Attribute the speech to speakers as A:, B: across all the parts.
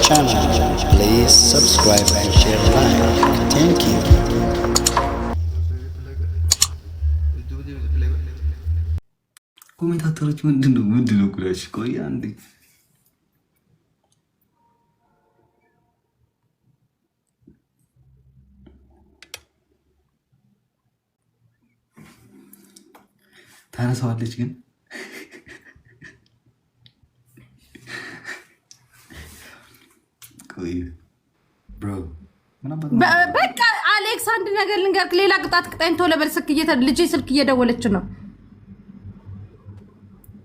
A: channel. Please subscribe and share like. Thank you.
B: ኮሜንታተሮች ምንድን ነው ምንድን ነው ጉዳሽ? ቆይ አንዴ ታነሳዋለች ግን
C: ነገር ልንገርክ፣ ሌላ ቅጣት ቅጣኝ። ቶሎ በል ስልክ እየተ ልጄ ስልክ እየደወለች ነው።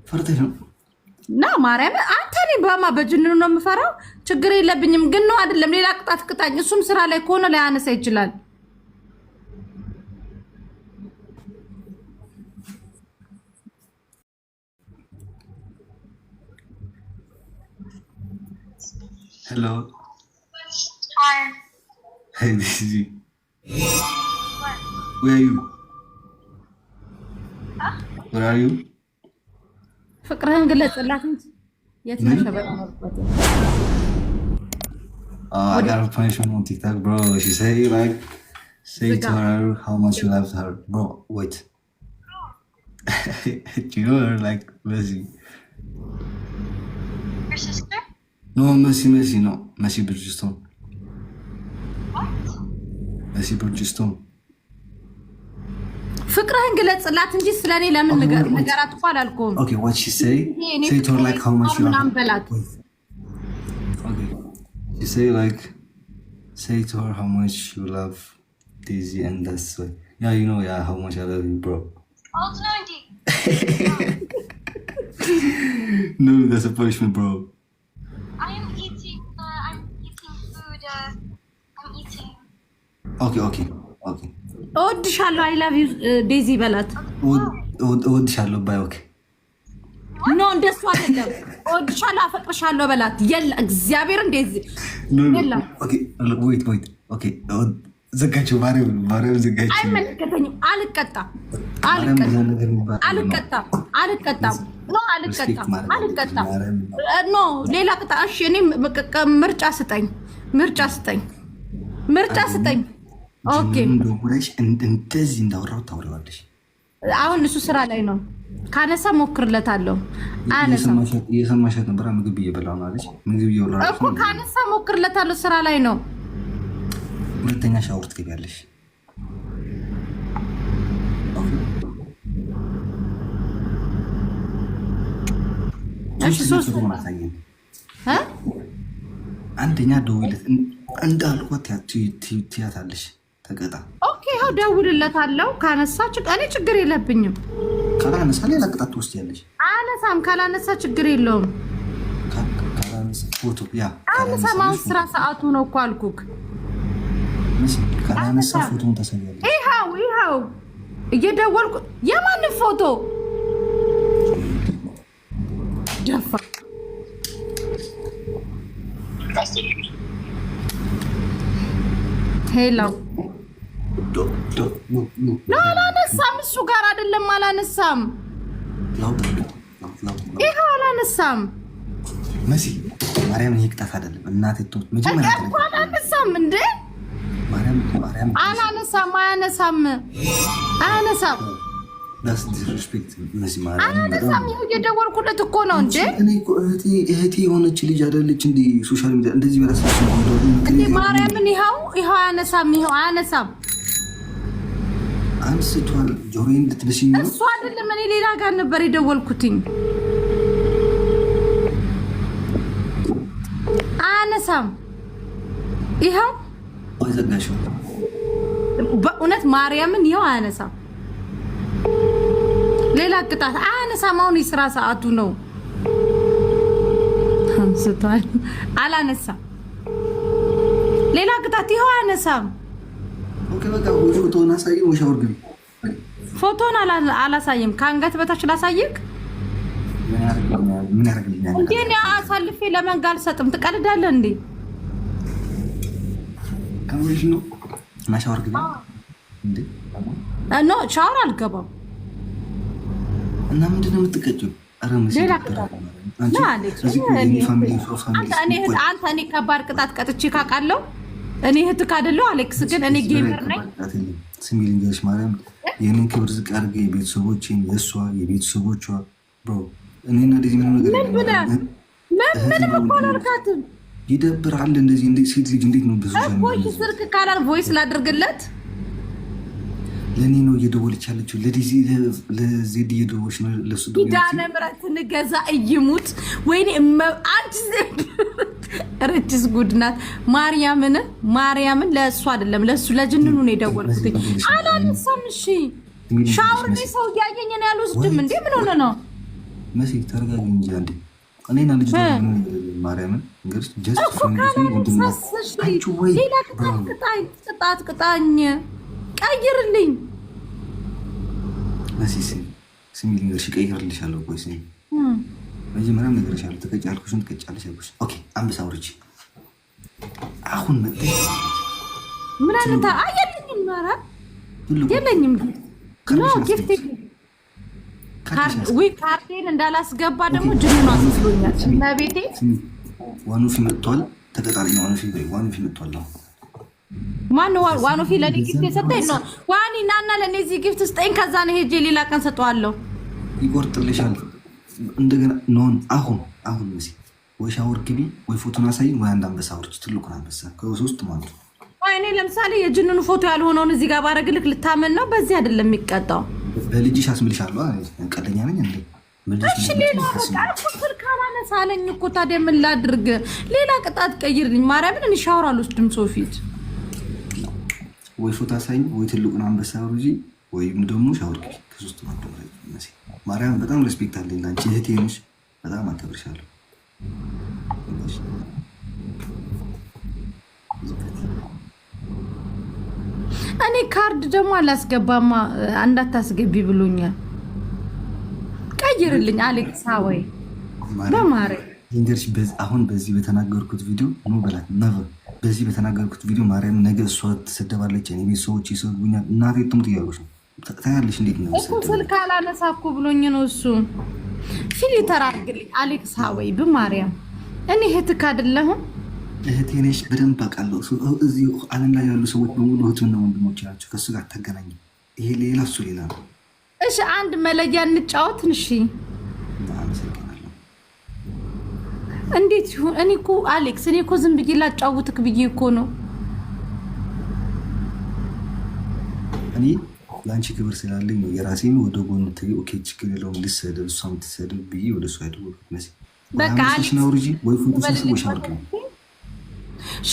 C: ፈርተሽ ነው እና ማርያም አንተ እኔ በማ በጅንኑ ነው የምፈራው። ችግር የለብኝም ግን ነው አይደለም። ሌላ ቅጣት ቅጣኝ። እሱም ስራ ላይ ከሆነ ላያነሳ ይችላል።
B: ሄሎ What? Where are you? Huh? Where are you?
C: ፍቅርህን ግለጽላት እንጂ የት ነሽ?
B: Oh, I got a punishment on TikTok, bro. She said, like, say to her how much you loved her. Bro, wait. Do you know her, like, Messi? Your sister? No, Messi, Messi, no. Messi Bridgestone. በሲቦችስቱም
C: ፍቅርህን ግለጽላት እንጂ ስለኔ ለምን ንገራት እኮ አላልኩም።
B: ኦኬ ኦኬ ኦኬ ኦኬ
C: እወድሻለሁ። አይ ላቭ ዩ ዴዚ በላት።
B: እወድሻለሁ። ባይ ኦኬ
C: ኖ እንደሱ አይደለም። እወድሻለሁ፣ አፈቅርሻለሁ በላት። የለ እግዚአብሔር እንደዚ
B: ወይት ወይት ኦኬ ዘጋቸው። ማርያም ማርያም ዘጋቸው።
C: አይመለከተኝም። አልቀጣም፣ አልቀጣም፣ አልቀጣም፣ አልቀጣም፣ አልቀጣም። ኖ ሌላ ቅጣ። እሺ እኔ ምርጫ ስጠኝ፣ ምርጫ ስጠኝ፣ ምርጫ ስጠኝ። ደውለሽ
B: እንደዚህ እንዳወራሁት
C: አሁን እሱ ስራ ላይ ነው። ካነሳ ሞክርለታለሁ።
B: እየሰማሻት ነበር። ምግብ እየበላሁ ነው አለች። ምግብ
C: እኮ። ካነሳ ሞክርለታለሁ። ስራ ላይ ነው።
B: ሁለተኛ ሻወር ትገቢያለሽ። አንደኛ ደውይለት እንዳልኳት ትያታለሽ ተቀጣ።
C: ኦኬ ያው ደውልለታለሁ። ካነሳ እኔ ችግር የለብኝም።
B: ካላነሳ ሌላ ቅጣት ትወስጃለሽ።
C: አነሳም። ካላነሳ ችግር የለውም። አነሳም። አሁን ስራ ሰዓቱ ነው እኮ አልኩክ።
B: ካላነሳ ፎቶን ታሳያለሽ።
C: ይኸው ይኸው እየደወልኩ የማንም ፎቶ ደፋ አላነሳም። እሱ ጋር አይደለም አላነሳም። ይኸው አላነሳም።
B: መሲ ማርያም ይሄ ቅጣት አይደለም። እናቴ
C: መጀመሪያ አላነሳም እንዴ
B: አላነሳም።
C: አያነሳም አያነሳም አላነሳም። እኮ ነው እንዴ።
B: እህቴ የሆነች ልጅ አይደለች እንደ ሶሻል ሚዲያ እንደዚህ
C: ማርያምን ይኸው ይኸው አያነሳም። ይኸው አያነሳም
B: አንስቷል። ጆሮዬን ልትብሽኝ
C: ነው? እሱ አይደለም፣ እኔ ሌላ ጋር ነበር የደወልኩትኝ። አያነሳም። ይኸው ዘጋሽው። በእውነት ማርያምን ይኸው አያነሳም። ሌላ ቅጣት አያነሳም። አሁን የስራ ሰዓቱ ነው። አንስቷል፣ አላነሳም። ሌላ ቅጣት ይኸው አያነሳም።
B: ፎቶን አሳይ፣ ሻወር ግቢ።
C: ፎቶን አላሳይም። ከአንገት በታች ላሳይክ። እንዴ አሳልፌ ለመንጋ አልሰጥም። ትቀልዳለህ እንዴ? ሻወር ግቢ። ኖ ሻወር አልገባም።
B: እና ምንድን ነው የምትቀጭው? አንተ እኔ ከባድ ቅጣት ቀጥቼ ካውቃለሁ እኔ እህትህ አይደለሁ። አሌክስ ግን እኔ ጌመር ነኝ። ስሚ ልንገርሽ ማርያም፣ የምን ክብር ዝቅ አድርጌ የቤተሰቦች የእሷ የቤተሰቦቿ እኔና ደዚ ምንም ነገር ምንም እኮ አላልካትም። ይደብራል። እንደዚህ እንደ ሴት ልጅ እንዴት ነው ብዙ ስልክ ካላል ቮይስ ላድርግለት ለእኔ ነው እየደወለች ያለችው። ለዜድ እየደወለች ነው። ለሱ ኪዳነ ምሕረት ንገዛ እይሙት ወይኔ አንድ ዜ ረጅስ ጉድ ናት። ማርያምን ማርያምን ለእሱ አይደለም ለእሱ ለጅንኑ ነው የደወልኩት። አላነሳም። እሺ ሻውር ላይ ሰው እያየኝ ነው ያሉ ስድም እንዴ ምን ሆነ ነው መሲ እንጂ አንዴ። እኔና ልጅ ማርያምን ሌላ ቅጣት ቅጣኝ ቀይርልኝ መሲ ስሚ ልንገርሽ፣ እቀይርልሻለሁ። ቆይ ስሚ መጀመሪያም ነገርሻለሁ። ተቀጫልኩሽን ትቀጫለሽ። ኦኬ አንበሳ ውርጅ አሁን መጥ ምን አለታ አየልኝም ማራ የለኝም ጊፍት ካርዴን እንዳላስገባ ደግሞ ጅኑ አስመስሎኛል። እና ቤቴ ዋኖፊ መጥቷል። ተቀጣሪ ዋኑፊ ዋኑፊ መጥቷል። ማን ዋኑፊ ለኔ ጊፍት የሰጠኝ ነው። ዋኒ ናና ለእኔ እዚህ ጊፍት ስጠኝ። ከዛ ነው ሄጄ ሌላ ቀን ሰጠዋለሁ። ይቆርጥልሻል እንደገና ኖን አሁን አሁን መሲ ወይ ሻወር ግቢ፣ ወይ ፎቶን አሳይን፣ ወይ አንድ አንበሳ ውርጅ፣ ትልቁን አንበሳ ከሶስት ማለት ነው። እኔ ለምሳሌ የጅንኑ ፎቶ ያልሆነውን እዚህ ጋር ባረግልክ ልታመን ነው። በዚህ አይደለም የሚቀጣው። በልጅሽ አስምልሻለሁ። ቀለኛ ነኝ እንዴ? እሺ ሌላ ስልክ አላነሳለኝ እኮ ታዲያ ምን ላድርግ? ሌላ ቅጣት ቀይርልኝ። ማርያምን እኔ ሻወር አልወስድም። ሰው ፊት ወይ ፎቶ አሳይኝ፣ ወይ ትልቁን አንበሳ ውርጅ፣ ወይም ደግሞ ሻወር ግቢ። ከሶስት ነው። ማርያም፣ በጣም ሬስፔክት አለኝ ለአንቺ። እህቴ ነሽ፣ በጣም አከብርሻለሁ። እኔ ካርድ ደግሞ አላስገባማ እንዳታስገቢ ብሎኛል። ቀይርልኝ አሌክሳ ወይ በማርያም ንገርሽ። አሁን በዚህ በተናገርኩት ቪዲዮ ኑ በላት ነቨ በዚህ በተናገርኩት ቪዲዮ ማርያም ነገ እሷ ትሰደባለች፣ እኔ ቤት ሰዎች ይሰድቡኛል። እናቴ ትሙት እያሉሽ ነው ታያለሽ። እንዴት ነው ስልክ አላነሳኩ ብሎኝ ነው እሱ ፊል ተራርግልኝ አሌክስ ሀወይ ብማርያም እኔ እህትክ አይደለሁም። እህቴ ነሽ፣ በደንብ አውቃለሁ። እዚህ አለም ላይ ያሉ ሰዎች በሙሉ እህትና ወንድሞች ናቸው። ከሱ ጋር ተገናኝ ይሄ ሌላ፣ እሱ ሌላ ነው። እሺ አንድ መለያ እንጫወት። እሺ እንዴት ይሁን? እኔ እኮ አሌክስ፣ እኔ እኮ ዝም ብዬ ላጫውትክ ብዬ እኮ ነው እኔ ለአንቺ ክብር ስላለኝ የራሴን ወደ ጎን ተይ። ኦኬ ችግር የለውም ልትሰድብ እሷ የምትሰድብ ብዬ ወደ እሷ መስ ያደወልኩት መሲ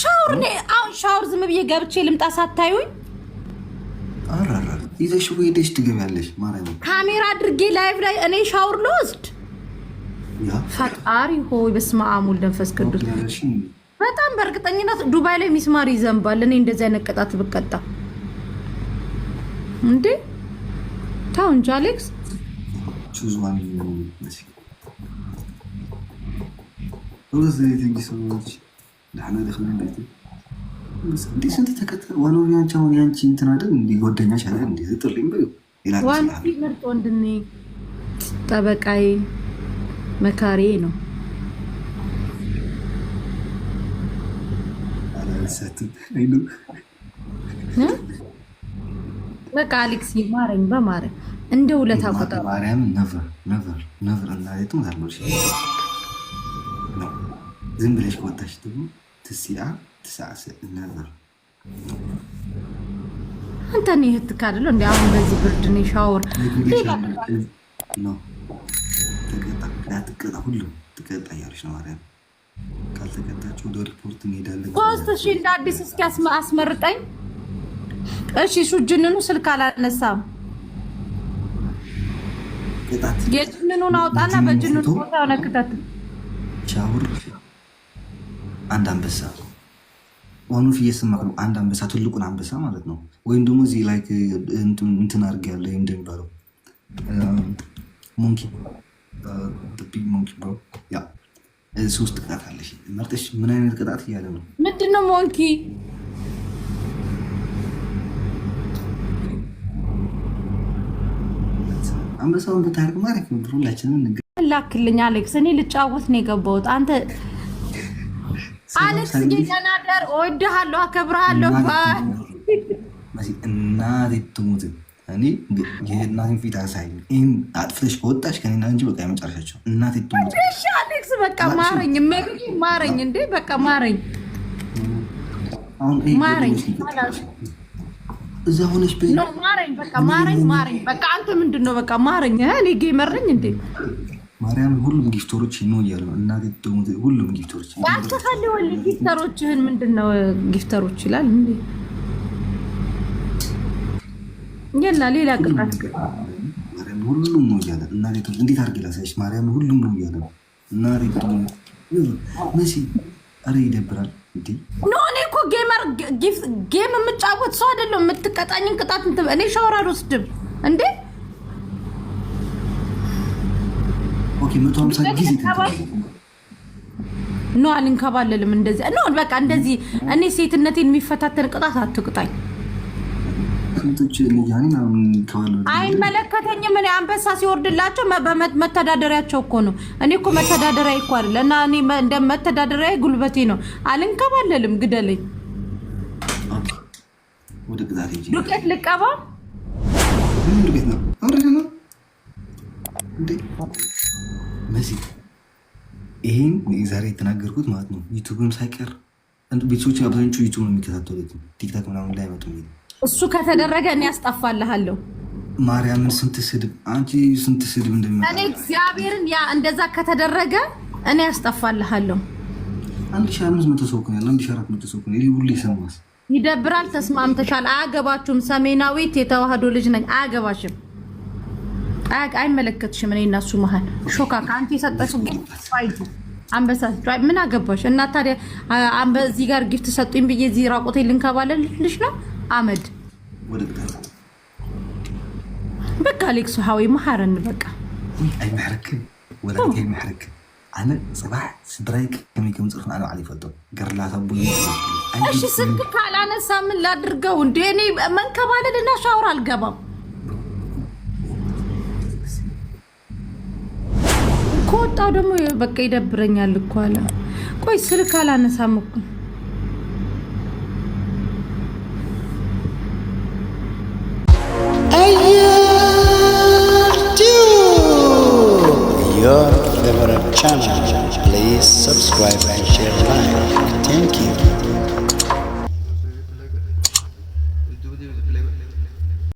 B: ሻወር ነው። አሁን ሻወር ዝም ብዬ ገብቼ ልምጣ ሳታዩኝ አራራ ይዘሽ ሄደሽ ትገቢያለሽ ማለት ነው። ካሜራ አድርጌ ላይቭ ላይ እኔ ሻወር ልወስድ ፈጣሪ ሆይ በስመ አብ ወልድ መንፈስ ቅዱስ። በጣም በእርግጠኝነት ዱባይ ላይ ሚስማር ይዘንባል። እኔ እንደዚህ አይነት ቅጣት ብቀጣ እንዴ ተው እንጂ አሌክስ። ስንት ተከተል ዋናው ያንቺ አሁን ያንቺ እንትን አይደል እንደ ጓደኛሽ አይደል እንደ ዘጠልኝ በይው ምርጥ ወንድሜ ጠበቃዬ መካሬ ነው። በቃ አሌክስ ማረኝ፣ በማረኝ እንደ ውለታ ዝም ብለሽ ደግሞ አንተ ካደለ እንዲ አሁን በዚህ ብርድ ነው ሻወር ትቀጣ ሁሉም ትቀጣ እያለች ነው ማርያም ካልተቀጣቸው ወደ ሪፖርት እንሄዳለን። ሶስት ሺህ እንደ አዲስ እስኪ አስመርጠኝ እሺ እሱ ጅንኑ ስልክ አላነሳም። የጅንኑን አውጣና በጅንኑ ቦታ ነክተት ሻውር አንድ አንበሳ ዋኑፍ እየሰማህ ነው። አንድ አንበሳ ትልቁን አንበሳ ማለት ነው። ወይም ደግሞ እዚህ ላይ እንትን አድርግ ያለ እንደሚባለው ሞንኪ ሞንኪ ሶስት ቅጣት አለሽ መርጠሽ ምን አይነት ቅጣት እያለ ነው ምንድነው ሞንኪ አንበሳውን ብታርግ ማረክ ምድር ሁላችንም ላክልኝ። አሌክስ እኔ ልጫወት ነው የገባሁት። አንተ አሌክስ ጌናደር እወድሃለሁ፣ አከብርሃለሁ። እናቴ ትሙት እኔ የእናቴን ፊት አሳይ። ይህን አጥፍተሽ ከወጣሽ ከኔና እንጂ በቃ የመጨረሻቸው እናቴ ትሙት። እሺ አሌክስ በቃ ማረኝ፣ ማረኝ፣ እንዴ በቃ ማረኝ፣ ማረኝ እዛ ሆነች ሆነሽ ማረኝ፣ በቃ ማረኝ፣ ማረኝ፣ በቃ አንተ ምንድን ነው በቃ ማረኝ። እኔ ጌመር ነኝ እንዴ? ማርያም ሁሉም ጊፍተሮች ኖ እያሉ እና ሁሉም ጊፍተሮች ወል ጊፍተሮችህን ምንድን ነው ጊፍተሮች ይላል እንዴ? የላ ሌላ ቅጣት ሁሉም ነው እያለ እና እንዴት አድርጌ ላሳይሽ? ማርያም ሁሉም ነው እያለ እና መሲ፣ ኧረ ይደብራል እንዴ እኮ ጌመር ጌም የምጫወት ሰው አይደለም። የምትቀጣኝን ቅጣት እኔ ሻወር አልወስድም እንዴ ኖ አልንከባለልም። እንደዚህ ኖ በቃ እንደዚህ እኔ ሴትነቴን የሚፈታተን ቅጣት አትቅጣኝ። አይመለከተኝም። እኔ አንበሳ ሲወርድላቸው መተዳደሪያቸው እኮ ነው። እኔ እኮ መተዳደሪያ እኮ አለ እና እኔ እንደ መተዳደሪያ ጉልበቴ ነው። አልንከባለልም። ግደለኝ። ዱቄት ልቀባ ይሄን ዛሬ የተናገርኩት ማለት ነው። ዩቱብም ሳይቀር ቤተሰቦች አብዛኞቹ ዩቱብ ነው የሚከታተሉት ቲክታክ ምናምን ላይ አይመጡም። እሱ ከተደረገ እኔ ያስጠፋልሃለሁ። ማርያምን ስንት ስድብ አንቺ ስንት ስድብ እንደሚመጣ እኔ እግዚአብሔርን ያ እንደዛ ከተደረገ እኔ ያስጠፋልሃለሁ። አንድ ሺ አምስት መቶ ሰው ያለ አንድ ሺ አራት መቶ ሰው እኮ ነው። ይሄ ሁሉ ይሰማል፣ ይደብራል። ተስማምተሻል። አያገባችሁም። ሰሜናዊት የተዋህዶ ልጅ ነኝ። አያገባሽም፣ አይመለከትሽም። እኔ እና እሱ መሀል ሾካ ከአንቺ የሰጠሽብኝ አንበሳ ምን አገባሽ? እና ታዲያ እዚህ ጋር ጊፍት ሰጡኝ ብዬ እዚህ ራቆቴ ልንከባለልሽ ነው አመድ በቃ ሌክሱ ሀዊ መሓረኒ በቃ ኣይምሕርክን ወላ ኣይምሕርክን ኣነ ፅባሕ ስድራይ ከመይ ከም ፅርፍ ኣነ ባዕለ ይፈልጦ ገርላታ ቡ እሺ ስልክ ካልኣነሳ ምን ላድርገው እንዴ እኔ መንከባለል እና ሻወር አልገባም ከወጣው ደግሞ በቃ ይደብረኛል እኮ አለ ቆይ ስልክ አላነሳም እኮ your favorite channel. Please subscribe and share like. Thank you.